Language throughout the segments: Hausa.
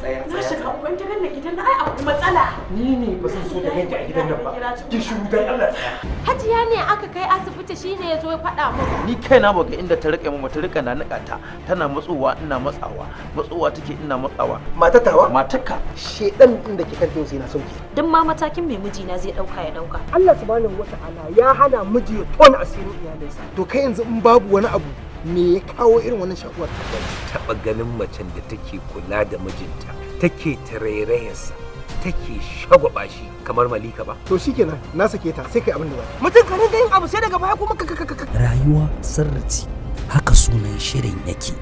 tsaya tsaya na shiga uban gidan nan ai matsala ni ne ba zan so ta gidan nan ba hajiya ne aka kai asibiti shine ya zo ya faɗa mu ni kaina ba ga inda ta riƙe mu ta rika na nika ta tana matsowa ina matsawa matsowa take ina matsawa matatawa matarka shedan din da ke kan sai na sauke duk ma matakin mai miji na zai ɗauka ya ɗauka. Allah subhanahu ta'ala ya hana miji ya tona asirin iyalinsa to kai yanzu in babu wani abu me ya kawo irin wannan shakuwar taba ganin macen da take kula da mijinta take tarairayarsa take shagwaba shi kamar malika ba to shikenan na sake ta sai kai abin da mutum ka rinka yin abu sai daga baya kuma rayuwa sarrace haka sunan shirin yake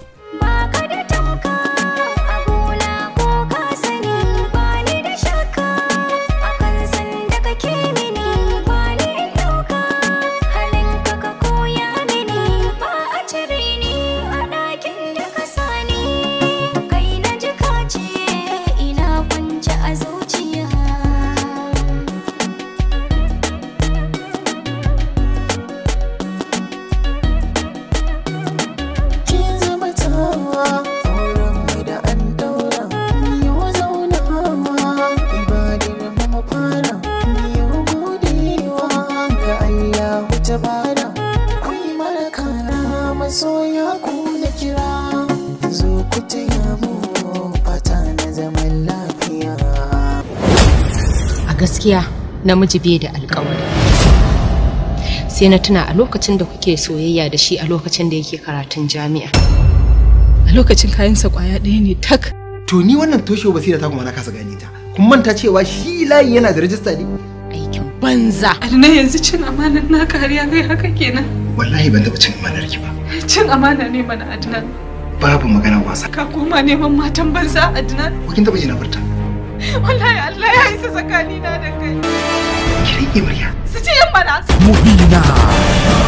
gaskiya namiji bai da alkawari sai na tuna a lokacin da kuke soyayya da shi a lokacin da yake karatun jami'a a lokacin kayansa kwaya ɗaya ne tak to ni wannan toshewa basira ta kuma na kasa gane ta kun manta cewa shi layi yana da rajista ne aikin banza na yanzu cin amanar na kariya kai haka kenan wallahi ban taɓa cin amanar ki ba cin amana ne mana adnan babu magana wasa ka koma neman matan banza adnan kin taɓa jina furta wallahi Allah ya isa tsakani na da kai ki rike murya su ce yan mana muhina